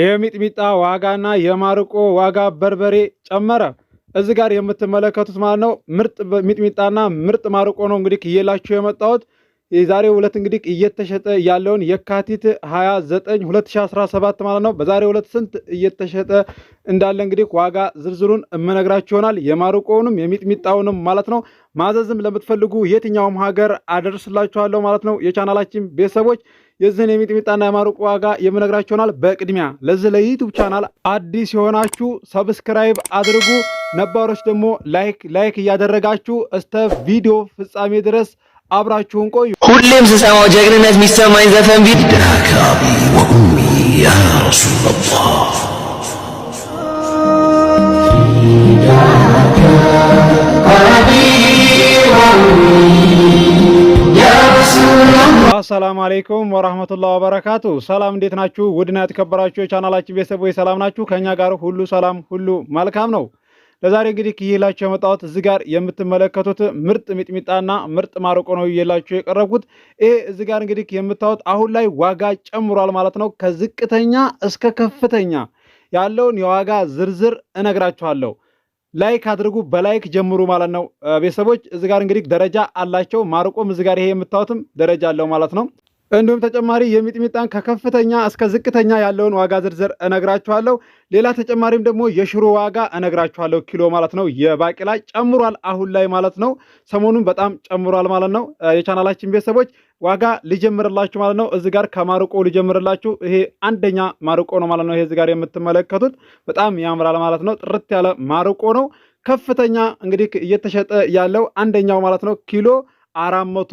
የሚጥሚጣ ዋጋና የማርቆ ዋጋ በርበሬ ጨመረ። እዚህ ጋር የምትመለከቱት ማለት ነው ምርጥ ሚጥሚጣና ምርጥ ማርቆ ነው እንግዲህ እየላችሁ የመጣሁት የዛሬው ዕለት እንግዲህ እየተሸጠ ያለውን የካቲት 29 2017 ማለት ነው። በዛሬው ዕለት ስንት እየተሸጠ እንዳለ እንግዲህ ዋጋ ዝርዝሩን እምነግራችሁ ይሆናል። የማርቆውንም የሚጥሚጣውንም ማለት ነው። ማዘዝም ለምትፈልጉ የትኛውም ሀገር አደርስላችኋለሁ ማለት ነው። የቻናላችን ቤተሰቦች የዚህን የሚጥሚጣና የማሩቅ ዋጋ የምነግራችሁ ይሆናል። በቅድሚያ ለዚህ ለዩቱብ ቻናል አዲስ የሆናችሁ ሰብስክራይብ አድርጉ፣ ነባሮች ደግሞ ላይክ ላይክ እያደረጋችሁ እስተ ቪዲዮ ፍጻሜ ድረስ አብራችሁን ቆዩ። ሁሌም ስሰማው ጀግንነት የሚሰማኝ ዘፈን ቢል ዳካ ወኡሚ ያ ረሱለላህ አሰላሙ አለይኩም ወራህመቱላህ ወበረካቱ። ሰላም እንዴት ናችሁ? ውድና የተከበራችሁ የቻናላችን ቤተሰቦች ሰላም ናችሁ? ከእኛ ጋር ሁሉ ሰላም፣ ሁሉ መልካም ነው። ለዛሬ እንግዲህ ይዤላችሁ የመጣሁት እዚህ ጋር የምትመለከቱት ምርጥ ሚጥሚጣና ምርጥ ማሮቆ ነው ይላቸው የቀረብኩት። ይሄ እዚህ ጋር እንግዲህ የምታዩት አሁን ላይ ዋጋ ጨምሯል ማለት ነው። ከዝቅተኛ እስከ ከፍተኛ ያለውን የዋጋ ዝርዝር እነግራችኋለሁ። ላይክ አድርጉ፣ በላይክ ጀምሩ ማለት ነው ቤተሰቦች። እዚህ ጋር እንግዲህ ደረጃ አላቸው። ማረቆም እዚህ ጋር ይሄ የምታዩትም ደረጃ አለው ማለት ነው። እንዲሁም ተጨማሪ የሚጥሚጣን ከከፍተኛ እስከ ዝቅተኛ ያለውን ዋጋ ዝርዝር እነግራችኋለሁ። ሌላ ተጨማሪም ደግሞ የሽሮ ዋጋ እነግራችኋለሁ፣ ኪሎ ማለት ነው። የባቄላ ጨምሯል አሁን ላይ ማለት ነው። ሰሞኑን በጣም ጨምሯል ማለት ነው። የቻናላችን ቤተሰቦች ዋጋ ልጀምርላችሁ ማለት ነው። እዚህ ጋር ከማርቆ ልጀምርላችሁ። ይሄ አንደኛ ማርቆ ነው ማለት ነው። ይሄ እዚህ ጋር የምትመለከቱት በጣም ያምራል ማለት ነው። ጥርት ያለ ማርቆ ነው። ከፍተኛ እንግዲህ እየተሸጠ ያለው አንደኛው ማለት ነው ኪሎ አራት መቶ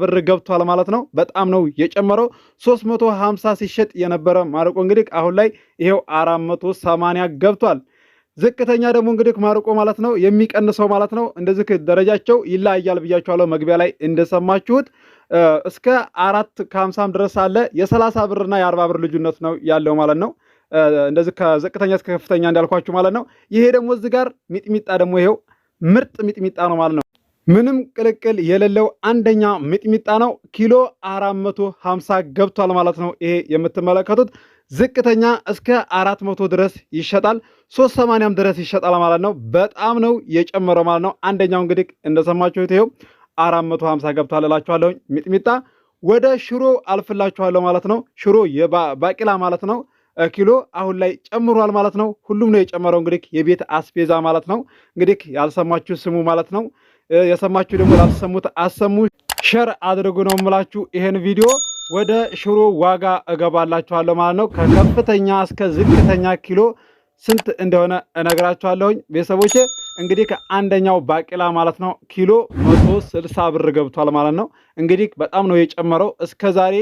ብር ገብቷል ማለት ነው። በጣም ነው የጨመረው። 350 ሲሸጥ የነበረ ማረቆ እንግዲህ አሁን ላይ ይሄው 480 ገብቷል። ዝቅተኛ ደግሞ እንግዲህ ማርቆ ማለት ነው የሚቀንሰው ማለት ነው። እንደዚህ ደረጃቸው ይለያያል ብያችኋለሁ መግቢያ ላይ እንደሰማችሁት እስከ አራት ከሀምሳም ድረስ አለ። የሰላሳ ብርና የአርባ ብር ልዩነት ነው ያለው ማለት ነው። እንደዚህ ከዝቅተኛ እስከ ከፍተኛ እንዳልኳችሁ ማለት ነው። ይሄ ደግሞ እዚህ ጋር ሚጥሚጣ ደግሞ ይሄው ምርጥ ሚጥሚጣ ነው ማለት ነው። ምንም ቅልቅል የሌለው አንደኛ ሚጥሚጣ ነው። ኪሎ 450 ገብቷል ማለት ነው። ይሄ የምትመለከቱት ዝቅተኛ እስከ 400 ድረስ ይሸጣል፣ 380 ድረስ ይሸጣል ማለት ነው። በጣም ነው የጨመረው ማለት ነው። አንደኛው እንግዲህ እንደሰማችሁት ይኸው 450 ገብቷል እላችኋለሁ። ሚጥሚጣ ወደ ሽሮ አልፍላችኋለሁ ማለት ነው። ሽሮ የባቂላ ማለት ነው። ኪሎ አሁን ላይ ጨምሯል ማለት ነው። ሁሉም ነው የጨመረው እንግዲህ የቤት አስቤዛ ማለት ነው። እንግዲህ ያልሰማችሁ ስሙ ማለት ነው። የሰማችሁ ደግሞ ላሰሙት አሰሙ። ሸር አድርጉ ነው የምላችሁ። ይሄን ቪዲዮ ወደ ሽሮ ዋጋ እገባላችኋለሁ ማለት ነው። ከከፍተኛ እስከ ዝቅተኛ ኪሎ ስንት እንደሆነ እነግራችኋለሁኝ ቤተሰቦቼ። እንግዲህ ከአንደኛው ባቄላ ማለት ነው ኪሎ መቶ ስልሳ ብር ገብቷል ማለት ነው። እንግዲህ በጣም ነው የጨመረው። እስከ ዛሬ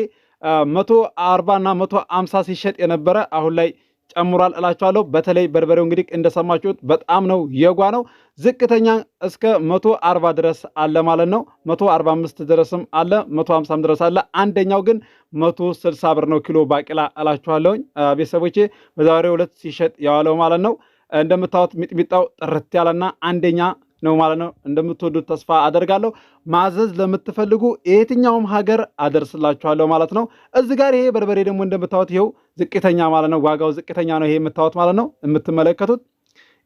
መቶ አርባ እና መቶ አምሳ ሲሸጥ የነበረ አሁን ላይ ጨምሯል እላችኋለሁ። በተለይ በርበሬው እንግዲህ እንደሰማችሁት በጣም ነው የጓ ነው። ዝቅተኛ እስከ 140 ድረስ አለ ማለት ነው። 145 ድረስም አለ፣ 150 ድረስ አለ። አንደኛው ግን 160 ብር ነው ኪሎ ባቂላ እላችኋለሁ ቤተሰቦቼ፣ በዛሬው ዕለት ሲሸጥ የዋለው ማለት ነው። እንደምታዩት ሚጥሚጣው ጥርት ያለና አንደኛ ነው ማለት ነው። እንደምትወዱት ተስፋ አደርጋለሁ። ማዘዝ ለምትፈልጉ የትኛውም ሀገር አደርስላችኋለሁ ማለት ነው። እዚ ጋር ይሄ በርበሬ ደግሞ እንደምታዩት ይኸው ዝቅተኛ ማለት ነው። ዋጋው ዝቅተኛ ነው። ይሄ የምታዩት ማለት ነው የምትመለከቱት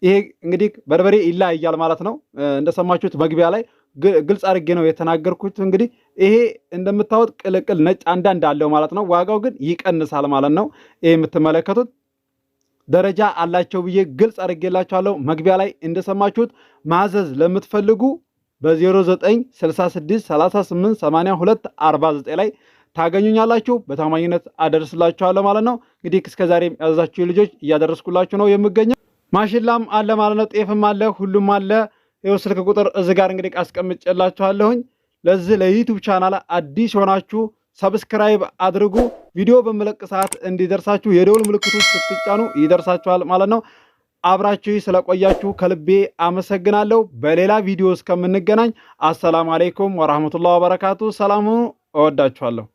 ይሄ እንግዲህ በርበሬ ይለያያል ማለት ነው። እንደሰማችሁት መግቢያ ላይ ግልጽ አድርጌ ነው የተናገርኩት። እንግዲህ ይሄ እንደምታዩት ቅልቅል ነጭ አንዳንድ አለው ማለት ነው። ዋጋው ግን ይቀንሳል ማለት ነው። ይሄ የምትመለከቱት ደረጃ አላቸው ብዬ ግልጽ አድርጌላችኋለሁ። መግቢያ ላይ እንደሰማችሁት ማዘዝ ለምትፈልጉ በ0966388249 ላይ ታገኙኛላችሁ። በታማኝነት አደርስላችኋለሁ ማለት ነው። እንግዲህ እስከዛሬም ያዘዛችሁ ልጆች እያደረስኩላችሁ ነው የምገኘው። ማሽላም አለ ማለት ነው። ጤፍም አለ፣ ሁሉም አለ። ይኸው ስልክ ቁጥር እዚህ ጋር እንግዲህ አስቀምጬላችኋለሁኝ። ለዚህ ለዩቱብ ቻናል አዲስ የሆናችሁ ሰብስክራይብ አድርጉ። ቪዲዮ በምለቅ ሰዓት እንዲደርሳችሁ የደውል ምልክቶች ስትጫኑ ይደርሳችኋል ማለት ነው። አብራችሁ ስለቆያችሁ ከልቤ አመሰግናለሁ። በሌላ ቪዲዮ እስከምንገናኝ አሰላሙ አሌይኩም ወራህመቱላህ ወበረካቱ። ሰላም ሁኑ። እወዳችኋለሁ።